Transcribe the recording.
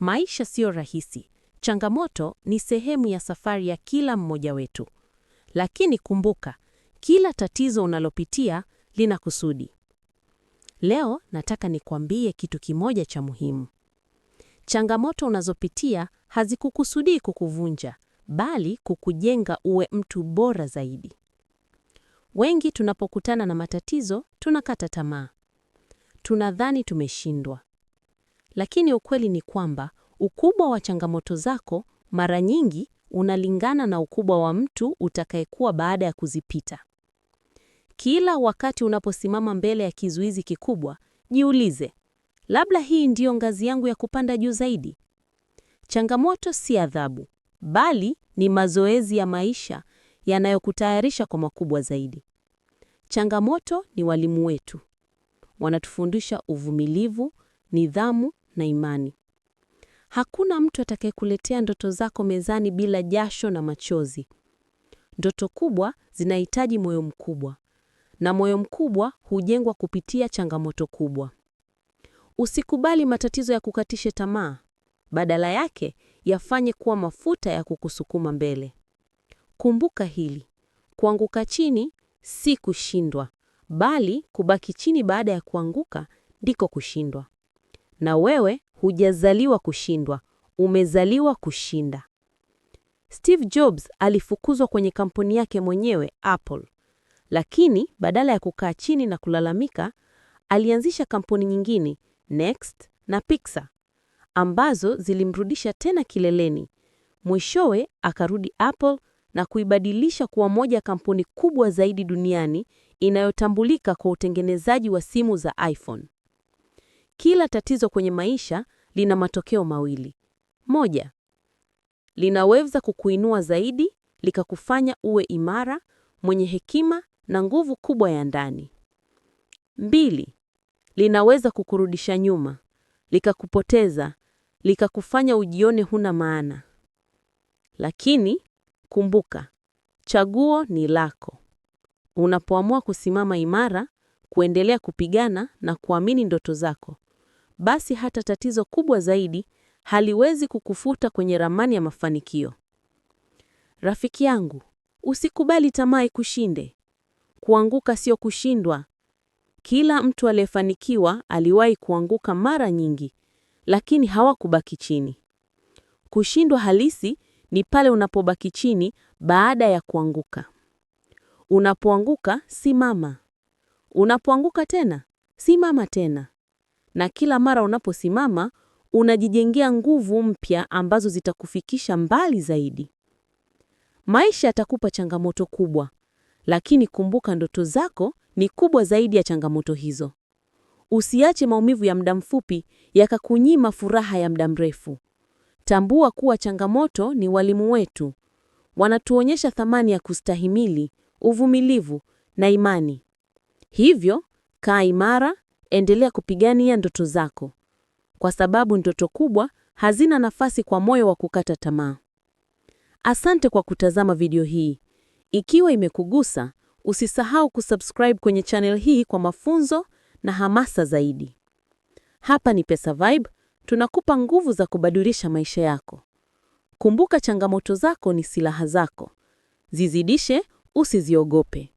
Maisha siyo rahisi, changamoto ni sehemu ya safari ya kila mmoja wetu. Lakini kumbuka, kila tatizo unalopitia lina kusudi. Leo nataka nikwambie kitu kimoja cha muhimu. Changamoto unazopitia hazikukusudii kukuvunja, bali kukujenga uwe mtu bora zaidi. Wengi tunapokutana na matatizo tunakata tamaa, tunadhani tumeshindwa, lakini ukweli ni kwamba ukubwa wa changamoto zako mara nyingi unalingana na ukubwa wa mtu utakayekuwa baada ya kuzipita. Kila wakati unaposimama mbele ya kizuizi kikubwa, jiulize, labda hii ndiyo ngazi yangu ya kupanda juu zaidi. Changamoto si adhabu, bali ni mazoezi ya maisha yanayokutayarisha kwa makubwa zaidi. Changamoto ni walimu wetu. Wanatufundisha uvumilivu, nidhamu na imani. Hakuna mtu atakayekuletea ndoto zako mezani bila jasho na machozi. Ndoto kubwa zinahitaji moyo mkubwa, na moyo mkubwa hujengwa kupitia changamoto kubwa. Usikubali matatizo ya kukatishe tamaa, badala yake yafanye kuwa mafuta ya kukusukuma mbele. Kumbuka hili, kuanguka chini si kushindwa, bali kubaki chini baada ya kuanguka ndiko kushindwa na wewe hujazaliwa kushindwa, umezaliwa kushinda. Steve Jobs alifukuzwa kwenye kampuni yake mwenyewe Apple, lakini badala ya kukaa chini na kulalamika, alianzisha kampuni nyingine Next na Pixar ambazo zilimrudisha tena kileleni. Mwishowe akarudi Apple na kuibadilisha kuwa moja ya kampuni kubwa zaidi duniani inayotambulika kwa utengenezaji wa simu za iPhone. Kila tatizo kwenye maisha lina matokeo mawili. Moja, linaweza kukuinua zaidi likakufanya uwe imara, mwenye hekima na nguvu kubwa ya ndani. Mbili, linaweza kukurudisha nyuma, likakupoteza, likakufanya ujione huna maana. Lakini kumbuka, chaguo ni lako. Unapoamua kusimama imara, kuendelea kupigana na kuamini ndoto zako, basi hata tatizo kubwa zaidi haliwezi kukufuta kwenye ramani ya mafanikio. Rafiki yangu, usikubali tamaa ikushinde. Kuanguka sio kushindwa. Kila mtu aliyefanikiwa aliwahi kuanguka mara nyingi, lakini hawakubaki chini. Kushindwa halisi ni pale unapobaki chini baada ya kuanguka. Unapoanguka simama. Unapoanguka tena simama tena na kila mara unaposimama unajijengea nguvu mpya ambazo zitakufikisha mbali zaidi. Maisha yatakupa changamoto kubwa, lakini kumbuka, ndoto zako ni kubwa zaidi ya changamoto hizo. Usiache maumivu ya muda mfupi yakakunyima furaha ya muda mrefu. Tambua kuwa changamoto ni walimu wetu, wanatuonyesha thamani ya kustahimili, uvumilivu na imani. Hivyo kaa imara, endelea kupigania ndoto zako, kwa sababu ndoto kubwa hazina nafasi kwa moyo wa kukata tamaa. Asante kwa kutazama video hii. Ikiwa imekugusa, usisahau kusubscribe kwenye channel hii kwa mafunzo na hamasa zaidi. Hapa ni PesaVibe, tunakupa nguvu za kubadilisha maisha yako. Kumbuka, changamoto zako ni silaha zako. Zizidishe, usiziogope.